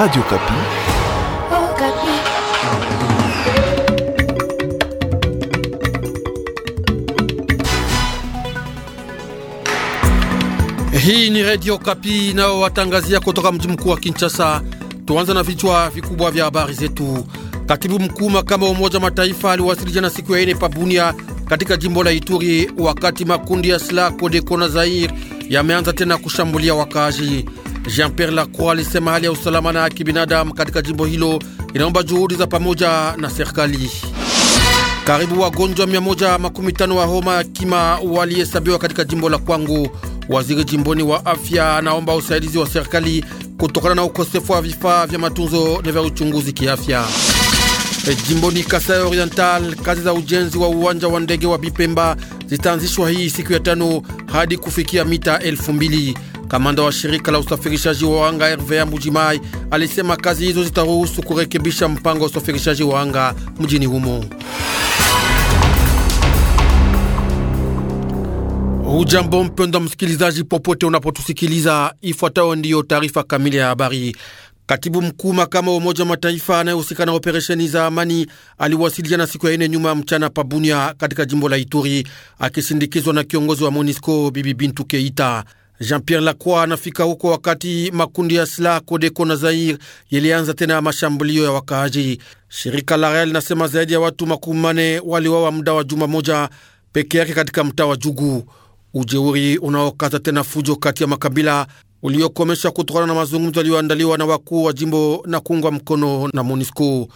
Radio Kapi. Oh, Kapi. Hii ni Radio Kapi nao watangazia kutoka mji mkuu wa Kinshasa. Tuanza na vichwa vikubwa vya habari zetu. Katibu mkuu makama wa Umoja Mataifa aliwasili jana siku ya ine Pabunia katika jimbo la Ituri wakati makundi ya silaha Kodeko na Zair yameanza tena kushambulia wakaaji. Jean-Pierre Lacroix alisema hali ya usalama na kibinadamu katika jimbo hilo inaomba juhudi za pamoja na serikali. Karibu wagonjwa 115 wa homa ya kima walihesabiwa katika jimbo la Kwangu. Waziri jimboni wa afya anaomba usaidizi wa serikali kutokana na ukosefu wa vifaa vya matunzo na vya uchunguzi kiafya. E, jimboni Kasai Oriental kazi za ujenzi wa uwanja wa ndege wa Bipemba zitaanzishwa hii siku ya tano hadi kufikia mita elfu mbili. Kamanda wa shirika la usafirishaji wa anga RVA Mujimai alisema kazi hizo zitaruhusu kurekebisha mpango wa usafirishaji wa anga mjini humo. Ujambo mpendwa msikilizaji, popote unapotusikiliza, ifuatayo ndiyo taarifa kamili ya habari. Katibu mkuu makama wa Umoja wa Mataifa anayehusika na operesheni za amani aliwasiliana siku ya ine nyuma mchana pabunia katika jimbo la Ituri akisindikizwa na kiongozi wa MONISCO Bibi Bintu Keita. Jean-Pierre Lacroix anafika huko wakati makundi ya silaha Kodeko na Zair yalianza tena mashambulio ya wakaaji. Shirika la Rael linasema zaidi ya watu makumi mane waliwawa muda wa juma moja peke yake katika mtaa wa Jugu. Ujeuri unaokata tena fujo kati ya makabila uliokomeshwa kutokana na mazungumzo yaliyoandaliwa na wakuu wa jimbo na kuungwa mkono na MONUSCO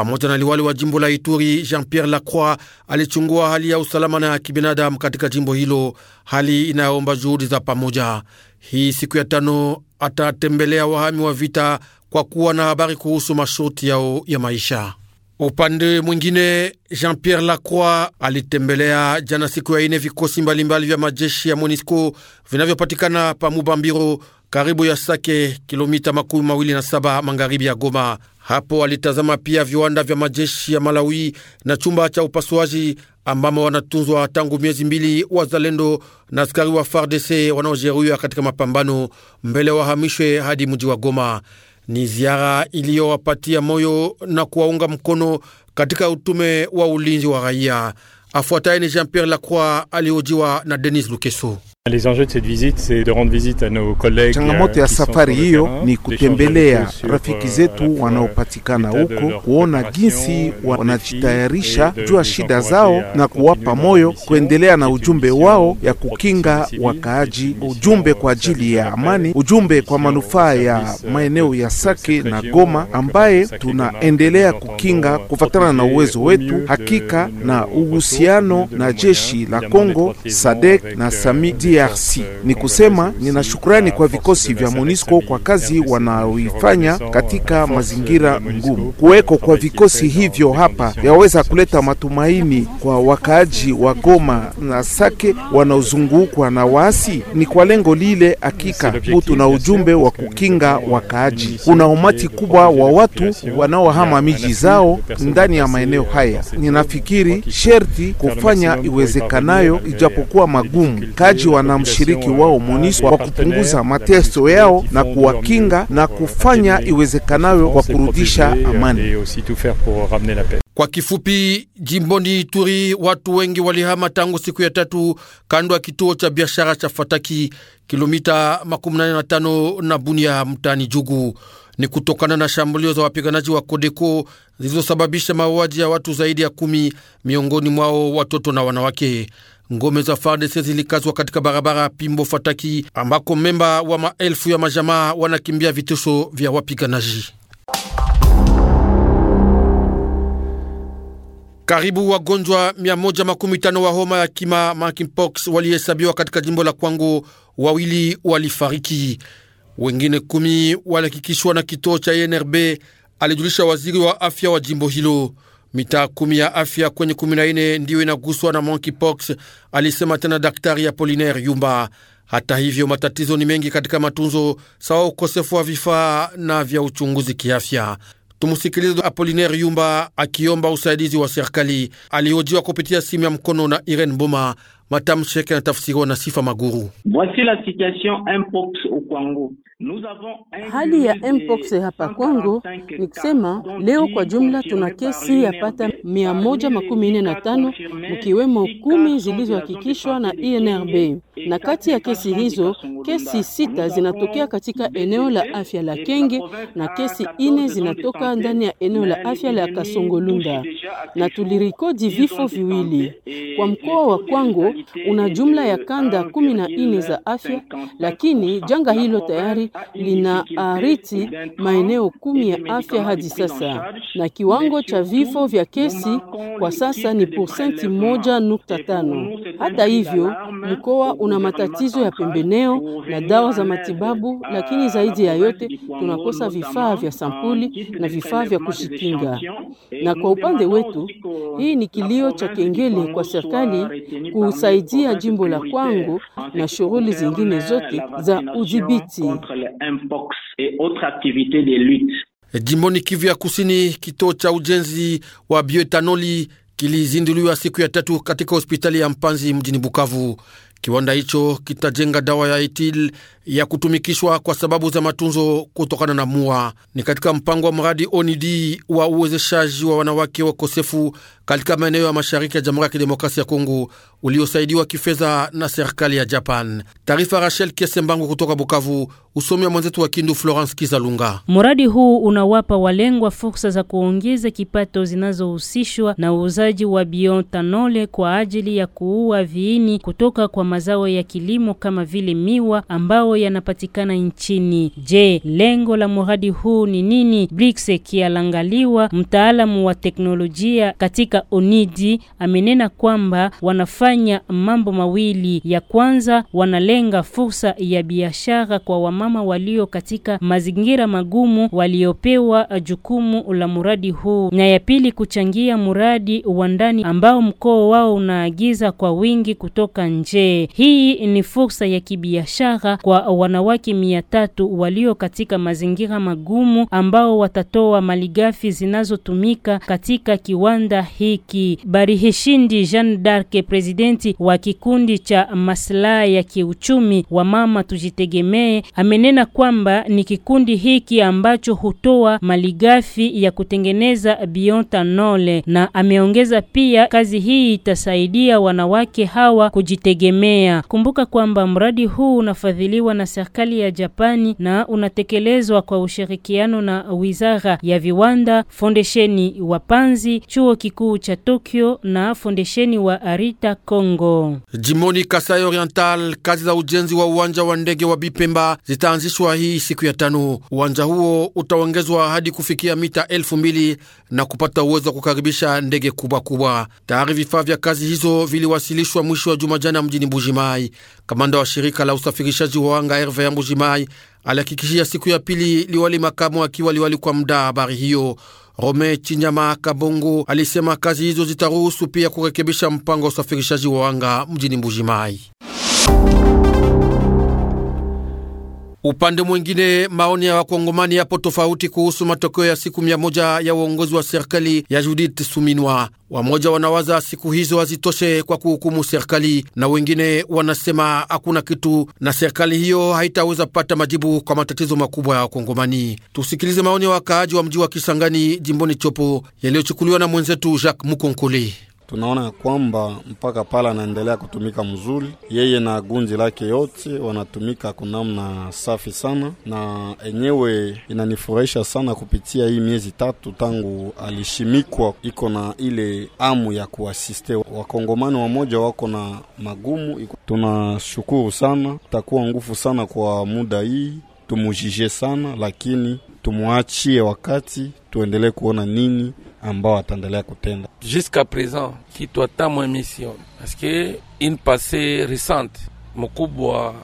pamoja na liwali wa jimbo la Ituri Jean-Pierre Lacroix alichungua hali ya usalama na ya kibinadamu katika jimbo hilo, hali inayoomba juhudi za pamoja. Hii siku ya tano atatembelea wahami wa vita kwa kuwa na habari kuhusu masharti yao ya maisha. Upande mwingine, Jean-Pierre Lacroix alitembelea jana siku ya ine vikosi mbalimbali vya majeshi ya monisco vinavyopatikana pa Mubambiro karibu ya Sake, kilomita makumi mawili na saba magharibi ya Goma. Hapo alitazama pia viwanda vya majeshi ya Malawi na chumba cha upasuaji ambamo wanatunzwa tangu miezi mbili wazalendo na askari wa FARDC wanaojeruhiwa katika mapambano mbele wahamishwe hadi mji wa Goma. Ni ziara iliyowapatia moyo na kuwaunga mkono katika utume wa ulinzi wa raia. Afuataye ni Jean Pierre Lacroix alihojiwa na Denis Lukeso. Changamoto ya euh, safari hiyo ni kutembelea rafiki euh, zetu wanaopatikana huko, kuona jinsi wanajitayarisha jua shida zao na kuwapa moyo kuendelea na ujumbe wao ya kukinga wakaaji, ujumbe kwa ajili ya amani, ujumbe kwa manufaa ya maeneo ya Sake na Goma ambaye tunaendelea kukinga kufatana na uwezo wetu, euh, hakika na uhusiano na jeshi la Kongo, Sadek na Samidi DRC. Ni kusema nina shukrani kwa vikosi vya MONUSCO kwa kazi wanaoifanya katika mazingira ngumu. Kuweko kwa vikosi hivyo hapa yaweza kuleta matumaini kwa wakaaji wa Goma na Sake wanaozungukwa na waasi. Ni kwa lengo lile hakika butu na ujumbe wa kukinga wakaaji. Kuna umati kubwa wa watu wanaohama miji zao ndani ya maeneo haya. Ninafikiri sherti kufanya iwezekanayo, ijapokuwa magumu. Kaji wa na mshiriki wao MONUSCO kwa kupunguza mateso yao na kuwakinga na kufanya iwezekanayo kwa kurudisha amani. Kwa kifupi, jimboni Ituri watu wengi walihama tangu siku ya tatu kando ya kituo cha biashara cha Fataki, kilomita 85 na Bunia, mtaani Jugu. Ni kutokana na shambulio za wapiganaji wa Kodeko zilizosababisha mauaji ya watu zaidi ya kumi, miongoni mwao watoto na wanawake. Ngome za FARDC zilikazwa katika barabara Pimbo Fataki, ambako memba wa maelfu ya majamaa wanakimbia vitisho vya wapiganaji. Karibu wagonjwa 115 wa homa ya kima monkeypox walihesabiwa katika jimbo la Kwango, wawili walifariki, wengine kumi walihakikishwa na kituo cha INRB, e alijulisha waziri wa afya wa jimbo hilo. Mitaa kumi ya afya kwenye kumi na nne ndiyo inaguswa na monkeypox, alisema tena daktari Apolinaire Yumba. Hata hivyo, matatizo ni mengi katika matunzo sawa ukosefu wa vifaa na vya uchunguzi kiafya. Tumusikilize Apolinaire Yumba akiomba usaidizi wa serikali. Alihojiwa kupitia simu ya mkono na Irene Boma Matamshi yake yanatafsiriwa na Sifa Maguru. Hali ya mpox hapa Kongo ni kusema leo kwa jumla tuna kesi pata 145 mkiwemo kumi zilizohakikishwa na INRB na kati ya kesi hizo kesi sita zinatokea katika eneo la afya la Kenge na kesi ine zinatoka ndani ya eneo la afya la Kasongolunda, na tulirikodi vifo viwili. Kwa mkoa wa Kwango una jumla ya kanda kumi na ine za afya, lakini janga hilo tayari lina ariti maeneo kumi ya afya hadi sasa, na kiwango cha vifo vya kesi kwa sasa ni persenti moja nukta tano. Hata hivyo mkoa kuna matatizo ya pembeneo na dawa za matibabu, lakini zaidi ya yote tunakosa vifaa vya sampuli na vifaa vya kushikinga. Na kwa upande wetu, hii ni kilio cha kengele kwa serikali kusaidia jimbo la kwangu na shughuli zingine zote za udhibiti. Jimboni Kivu ya Kusini, kituo cha ujenzi wa bioetanoli kilizinduliwa siku ya tatu katika hospitali ya Mpanzi mjini Bukavu. Kiwanda hicho kitajenga dawa ya etil ya kutumikishwa kwa sababu za matunzo kutokana na mua. Ni katika mpango wa mradi Onidi wa uwezeshaji wa wanawake wakosefu katika maeneo ya mashariki ya Jamhuri ya Kidemokrasia ya Kongo uliosaidiwa kifedha na serikali ya Japan. Taarifa Rachel Kesembangu kutoka Bukavu, usomi wa mwenzetu wa Kindu Florence Kizalunga. Mradi huu unawapa walengwa fursa za kuongeza kipato zinazohusishwa na uuzaji wa biotanole kwa ajili ya kuua viini kutoka kwa mazao ya kilimo kama vile miwa ambao yanapatikana nchini. Je, lengo la mradi huu ni nini? BRICS Kialangaliwa, mtaalamu wa teknolojia katika Onidi, amenena kwamba wanafanya mambo mawili. Ya kwanza, wanalenga fursa ya biashara kwa wamama walio katika mazingira magumu waliopewa jukumu la mradi huu, na ya pili, kuchangia mradi wa ndani ambao mkoa wao unaagiza kwa wingi kutoka nje. Hii ni fursa ya kibiashara kwa wanawake mia tatu walio katika mazingira magumu ambao watatoa malighafi zinazotumika katika kiwanda hiki. Barihishindi Jean d'Arc, presidenti wa kikundi cha maslahi ya kiuchumi wa mama tujitegemee, amenena kwamba ni kikundi hiki ambacho hutoa malighafi ya kutengeneza biotanole, na ameongeza pia kazi hii itasaidia wanawake hawa kujitegemea mimea. Kumbuka kwamba mradi huu unafadhiliwa na serikali ya Japani na unatekelezwa kwa ushirikiano na Wizara ya Viwanda, Fondesheni wa Panzi, Chuo Kikuu cha Tokyo na Fondesheni wa Arita Kongo. Jimoni Kasai Oriental, kazi za ujenzi wa uwanja wa ndege wa Bipemba zitaanzishwa hii siku ya tano. Uwanja huo utaongezwa hadi kufikia mita elfu mbili na kupata uwezo wa kukaribisha ndege kubwa kubwa. Tayari vifaa vya kazi hizo viliwasilishwa mwisho wa juma jana mjini Bujumbura. Mbujimai. Kamanda wa shirika la usafirishaji wa wanga Herve ya Mbujimai alihakikishia siku ya pili liwali makamu akiwa liwali kwa muda. Habari hiyo Rome Chinyama Kabongo alisema kazi hizo zitaruhusu pia kurekebisha mpango wa usafirishaji wa wanga mjini Mbujimai. Upande mwingine maoni ya wakongomani yapo tofauti kuhusu matokeo ya siku mia moja ya uongozi wa serikali ya Judith Suminwa. Wamoja wanawaza siku hizo hazitoshe kwa kuhukumu serikali, na wengine wanasema hakuna kitu na serikali hiyo haitaweza pata majibu kwa matatizo makubwa ya wakongomani. Tusikilize maoni ya wakaaji wa mji wa Kisangani, jimboni Chopo, yaliyochukuliwa na mwenzetu Jacques Mukonkoli tunaona ya kwamba mpaka pale anaendelea kutumika mzuri, yeye na gunji lake yote wanatumika kunamna safi sana, na enyewe inanifurahisha sana kupitia hii miezi tatu tangu alishimikwa, iko na ile amu ya kuasiste wakongomani wamoja wako na magumu. Tunashukuru sana, itakuwa nguvu sana kwa muda hii tumujije sana, lakini tumwachie wakati tuendelee kuona nini ambao wataendelea kutenda jusqu'à présent kitwatamo emission paske une passé récente mkubwa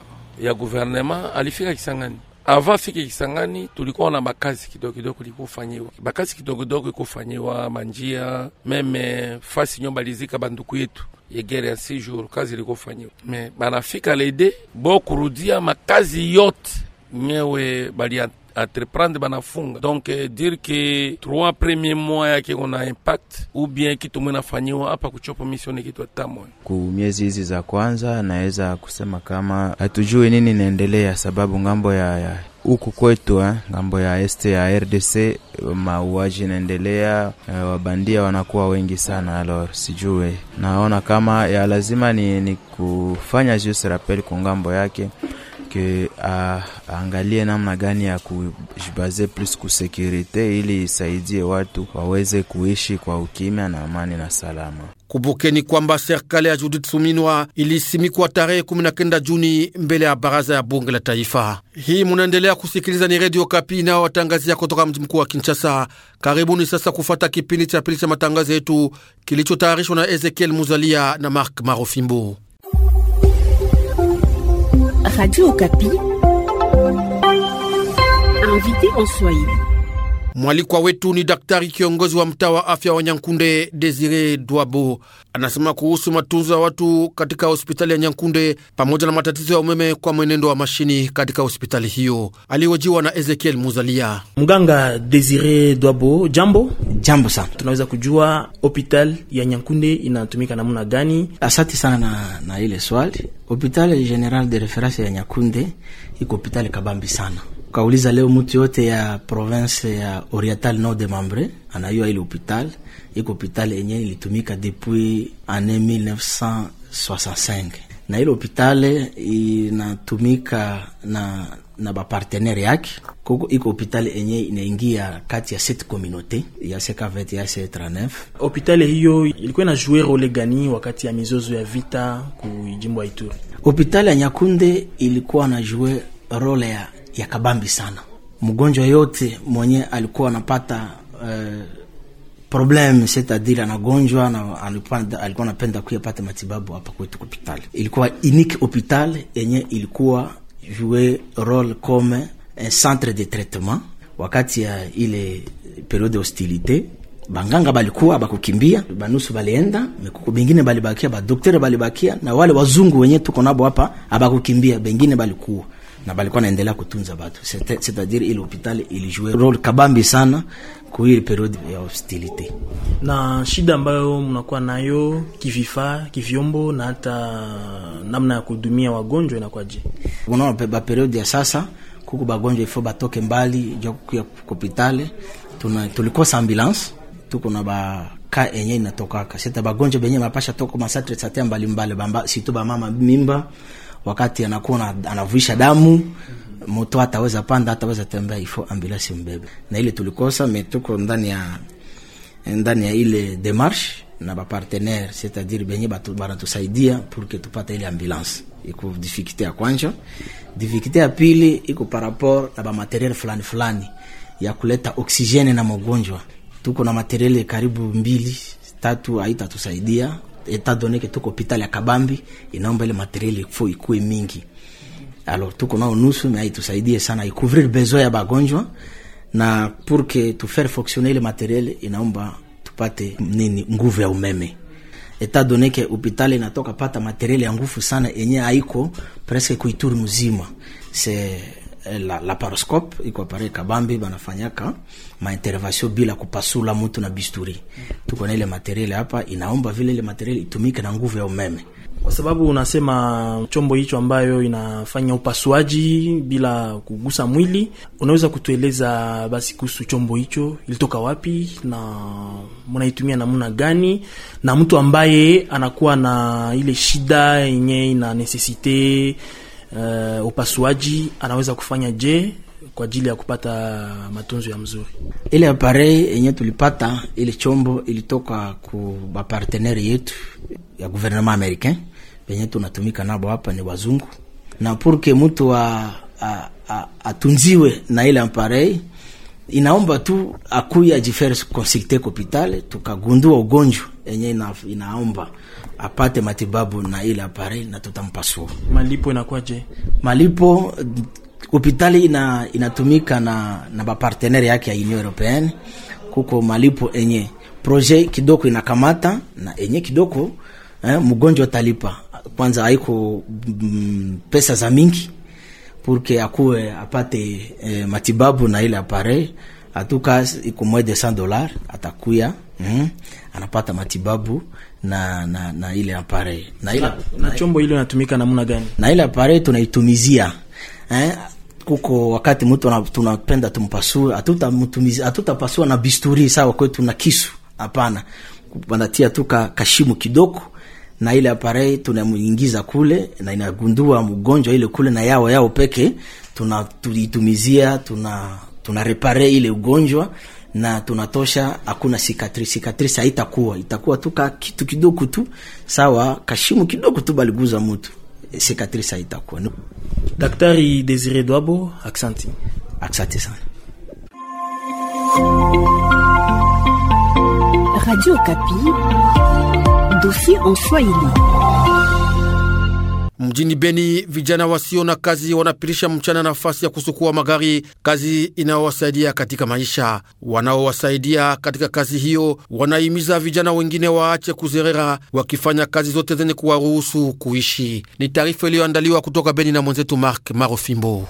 ya guvernema alifika Kisangani. avant afike Kisangani, tulikuwa na makazi kidogo kidogo likufanyiwa, makazi kidogo kidogo ikufanyiwa manjia meme fasi nyo balizika banduku yetu yegere ya si jour kazi ilikufanyiwa me banafika lede bo kurudia makazi yote nyewe balian entreprendre bana funga donc euh, dire que trois premiers mois yake kuna impact ou bien kitu mwenafanyiwa hapa kuchopa misioni kitu atamwe ku miezi hizi za kwanza, naweza kusema kama hatujui nini inaendelea, sababu ngambo ya, ya huku kwetu eh, ngambo ya este ya RDC mauaji inaendelea, eh, wabandia wanakuwa wengi sana. Alo, sijue naona kama ya lazima ni, ni kufanya jus rappel ku ngambo yake ke aangalie namna gani ya kujibaze plus kusekurite, ili isaidie watu waweze kuishi kwa ukimya na amani na salama. Kumbukeni kwamba serikali ya Judith Suminwa ilisimikwa tarehe 19 Juni mbele ya baraza ya bunge la taifa. Hii munaendelea kusikiliza ni Radio Kapi nao watangazia kutoka mji mkuu wa Kinshasa. Karibuni sasa kufata kipindi cha pili cha matangazo yetu kilichotayarishwa na Ezekiel Muzalia na Mark Marofimbo. Radio Okapi, invité en Swahili. Mwalikwa wetu ni daktari kiongozi wa mtaa wa afya wa Nyankunde, Desire Dwabo, anasema kuhusu matunzo ya watu katika hospitali ya Nyankunde pamoja na matatizo ya umeme kwa mwenendo wa mashini katika hospitali hiyo. Alihojiwa na Ezekiel Muzalia. Mganga Desire Dwabo, jambo jambo sana. Tunaweza kujua hospital ya Nyankunde inatumika namna gani? Asante sana na, na ile swali. Hospitali general de reference ya Nyankunde iko hospitali kabambi sana Ukauliza leo mtu yote ya province ya Oriental Nord de Mambre anayua ile hopital iko hopital enye ilitumika depuis ane 1965 na ile hopital inatumika na na bapartenere yake koko iko hopital enye inaingia kati ya set communauté ya CK20 ya C39. Hopital hiyo ilikuwa na jouer role gani wakati ya mizozo ya vita ku jimbo ya Ituri? Hopital ya Nyakunde ilikuwa na jouer role ya ya kabambi sana. Mgonjwa yote mwenye alikuwa anapata uh, problem setadiri anagonjwa na alipanda, alikuwa anapenda kuyapata matibabu hapa kwetu hospitali. Ilikuwa unique hospital yenye ilikuwa jouer role comme un centre de traitement wakati ya ile periode ya hostilite banganga balikuwa bakukimbia, banusu balienda mikuku, bengine balibakia, badoktere balibakia, na wale wazungu wenye tuko nabo hapa abakukimbia, bengine balikuwa na balikuwa naendelea kutunza batu, c'est-à-dire ile hopital ilijue role kabambi sana kuili periode ya hostilite. Na shida ambayo mnakuwa nayo kivifaa, kivyombo na hata namna ya kuhudumia wagonjwa inakwaje? Unaona ba periode ya sasa kuku bagonjwa ifo batoke mbali ja kukuya kopitale, tulikosa ambulance, tuko na ba ka enye inatokaka seta bagonjwa benye mapasha toko masatre satea mbalimbali, situ bamama mimba wakati anakuwa anavuisha damu moto hataweza panda, hataweza tembea, ifo ambulance mbebe. Na ile tulikosa me, ndani ya ndani ya ile demarche na ba c'est-à-dire benye batu banatusaidia pour que tupate ile ambulance. Iko difficulté ya kwanza, difficulté ya pili iko par rapport na ba materiel fulani fulani ya kuleta oksijeni na mgonjwa. Tuko na materiel karibu mbili tatu haitatusaidia eta donne ke tuko hospitali ya Kabambi inaomba ile materiel ifo ikue mingi. Alors tuko nao nusu na itusaidie sana ikouvrir besoin ya bagonjwa na pour que tu faire fonctionner le matériel inaomba tupate nini nguvu ya umeme. Etat donne ke hospitali inatoka pata materiel ya nguvu sana yenye haiko presque kuituru mzima. C'est Eh, la, la paroscope iko pare kabambi banafanyaka ma intervention bila kupasula mtu na bisturi. Tuko na ile materiel hapa, inaomba vile ile materiel itumike na nguvu ya umeme, kwa sababu unasema chombo hicho ambayo inafanya upasuaji bila kugusa mwili. Unaweza kutueleza basi kuhusu chombo hicho, ilitoka wapi na mnaitumia namna gani, na mtu ambaye anakuwa na ile shida yenyewe ina nesesite uh, upasuaji anaweza kufanya je kwa ajili ya kupata matunzo ya mzuri. Ile aparei yenye tulipata ile chombo ilitoka ku baparteneri yetu ya gouvernement americain yenye tunatumika nabo hapa ni wazungu, na purke mtu atunziwe na ile aparei inaomba tu akuya ajifere consulte kopitale, tukagundua ugonjwa enye ina, inaomba apate matibabu na ile apare na tutampasua. Malipo inakwaje? Malipo hopitali ina, inatumika na, na bapartenere yake ya Union Europeenne. Kuko malipo enye projet kidogo inakamata na enye kidogo eh, mgonjwa talipa kwanza, haiko mm, pesa za mingi purke akuwe apate eh, matibabu na ile aparei atuka iko mwe de 100 dollars atakuya mm, anapata matibabu na na, na ile aparei na ile na, na chombo ile inatumika namna gani? Na ile aparei tunaitumizia eh, kuko wakati mtu tunapenda tumpasue, hatutamtumizia hatutapasua na bisturi sawa kwetu na kisu, hapana, wanatia tu kashimu kidogo na ile aparei tunamuingiza kule na inagundua mgonjwa ile kule na yao yao peke tunaitumizia tuna tuna repare ile ugonjwa na tunatosha, hakuna cicatrice. Cicatrice haitakuwa itakuwa tu kitu kidogo tu, sawa kashimu kidogo tu baliguza mtu, cicatrice haitakuwa. Daktari Desire Dwabo, aksanti, asante sana. Radio Kapi, dosi en Swahili. Mjini Beni, vijana wasio na kazi wanapirisha mchana nafasi ya kusukua magari, kazi inayowasaidia katika maisha. Wanaowasaidia katika kazi hiyo wanahimiza vijana wengine waache kuzerera, wakifanya kazi zote zenye kuwaruhusu kuishi. Ni taarifa iliyoandaliwa kutoka Beni na mwenzetu Mark Marofimbo.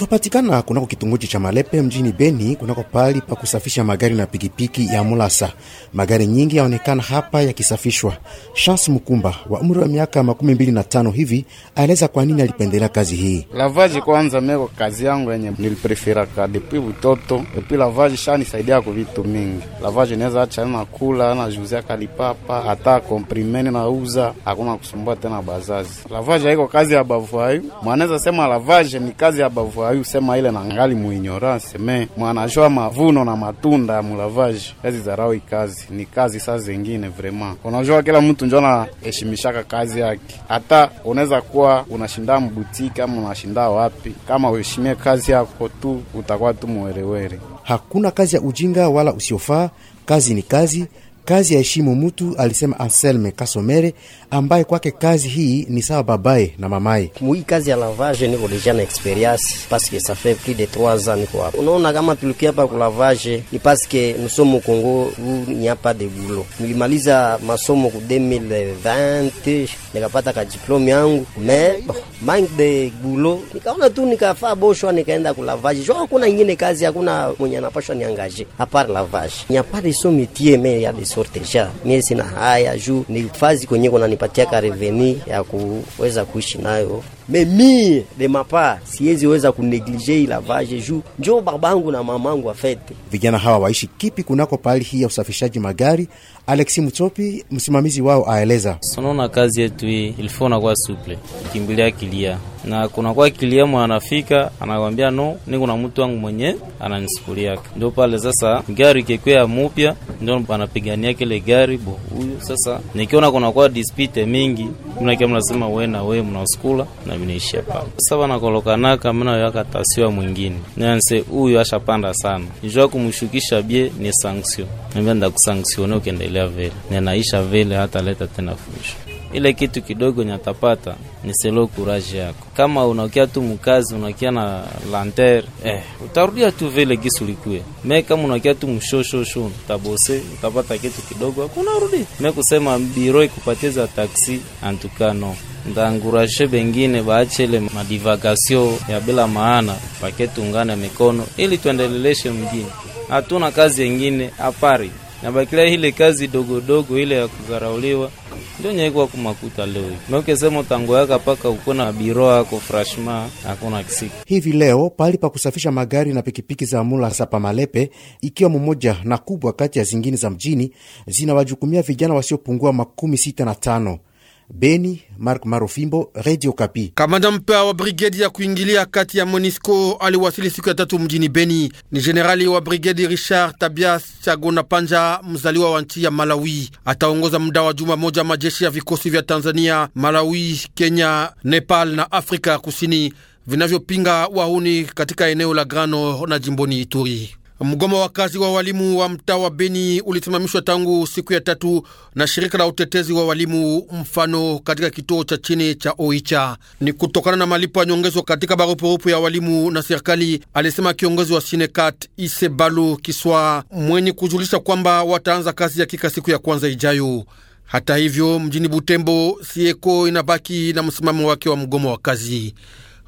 Twapatikana kunako kitongoji cha Malepe mjini Beni, kunako pali pa kusafisha magari na pikipiki ya Mulasa. Magari nyingi yaonekana hapa yakisafishwa. shans Mkumba wa umri wa miaka makumi mbili na tano hivi aeleza kwa nini alipendelea kazi hii. Lavaji kwanza, meko kazi yangu yenye nilipreferaka depuis vitoto epi lavaji shanisaidia ku vitu mingi. Lavaji naweza acha na kula na juzia kalipapa, hata komprimeni nauza, hakuna kusumbua tena bazazi. Lavaji haiko kazi ya bavuai, mwanaweza sema lavaji ni kazi ya bavuai ayu usema ile na ngali muinyorance me mwanajua mavuno na matunda ya mulavaji yazizarau kazi ni kazi sa zengine vraiment, unajua kila mtu njo heshimishaka kazi yake. Hata unaweza kuwa unashinda mbutiki ama unashinda wapi, kama uheshimie kazi yako tu utakuwa tu mwerewere. Hakuna kazi ya ujinga wala usiofaa, kazi ni kazi kazi ya heshimu mutu, alisema Anselme Kasomere, ambaye kwake kazi hii ni sawa babaye na mamaye. Mui kazi ya lavage niko deja na experience paske ça fait plus de 3 ans niko hapa. Unaona kama tulikia hapa kulavage ni paske nusomo Kongo ni hapa de bulo. Nilimaliza masomo ku 2020 nikapata ka diplome yangu mais manque de bulo, nikaona tu nikafaa boshwa, nikaenda kulavage. Jo hakuna nyingine kazi, hakuna mwenye anapashwa niangaje apart lavage. Ni apart so métier mais ja Mie sina haya juu ni fazi kwenye ka reveni ya kuweza kuishi nayo me mie de mapa siwezi weza kuneglige ilavage juu njo babangu na mamangu afete. Vijana hawa waishi kipi kunako pahali hii ya usafishaji magari? Alexi Mtopi, msimamizi wao, aeleza sonona kazi yetu hii ilifo nakuwa suple kimbilia kilia na kunakuwa kilia mwa anafika anakwambia no, niko na mtu wangu mwenye ananisukuliaka. Ndio pale sasa gari kekwea mupya, ndio anapigania kile gari bo huyu. Sasa nikiona kunakuwa dispute mingi, mnakia mnasema we na we mnausukula na minaishi hapa sasa, nakolokanaka minayakatasiwa mwingine nanse huyu ashapanda sana, njua kumshukisha bie ni sanksio, nambia ndakusanksione ukiendelea vile nenaisha vile hata leta tena fusho ile kitu kidogo nyatapata ni selo kuraji yako. Kama unakia tu mkazi, unakia na lanter eh, utarudia tu vile gisu likue me. Kama unakia tu mshoshoshon, utabose utapata kitu kidogo, hakuna rudi me kusema biro ikupatie taksi antukano ndangurashe bengine baachele madivakasio ya bila maana, pake tungane mikono ili tuendeleleshe mgini Hatuna kazi yengine apari nabakila ile kazi dogodogo ile ya kudharauliwa ndio nyeiko ku makuta leo hivi meukesema utangoyaka mpaka ukona biro yako frashma hakuna kisiki hivi. Leo pali pa kusafisha magari na pikipiki za mula sapa malepe, ikiwa mmoja na kubwa kati ya zingine za mjini, zinawajukumia vijana wasiopungua makumi sita na tano Beni, Mark Marofimbo, Radio Kapi. Kamanda mpya wa brigedi ya kuingilia kati ya Monisco aliwasili siku ya tatu mjini Beni. Ni jenerali wa brigedi Richard Tabias Chagona Panja, mzaliwa wa nchi ya Malawi. Ataongoza muda wa juma moja majeshi ya vikosi vya Tanzania, Malawi, Kenya, Nepal na Afrika Kusini vinavyopinga wahuni katika eneo la Grano na jimboni Ituri. Mgomo wa kazi wa walimu wa mtaa wa Beni ulisimamishwa tangu siku ya tatu na shirika la utetezi wa walimu mfano katika kituo cha chini cha Oicha. Ni kutokana na malipo ya nyongezo katika barupurupu ya walimu na serikali, alisema kiongozi wa Sinekat Isebalu Kiswa mwenye kujulisha kwamba wataanza kazi hakika siku ya kwanza ijayo. Hata hivyo, mjini Butembo, Sieko inabaki na msimamo wake wa mgomo wa kazi.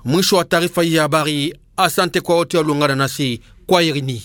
Mwisho wa taarifa hii ya habari. Asante kwa wote waliungana nasi Irini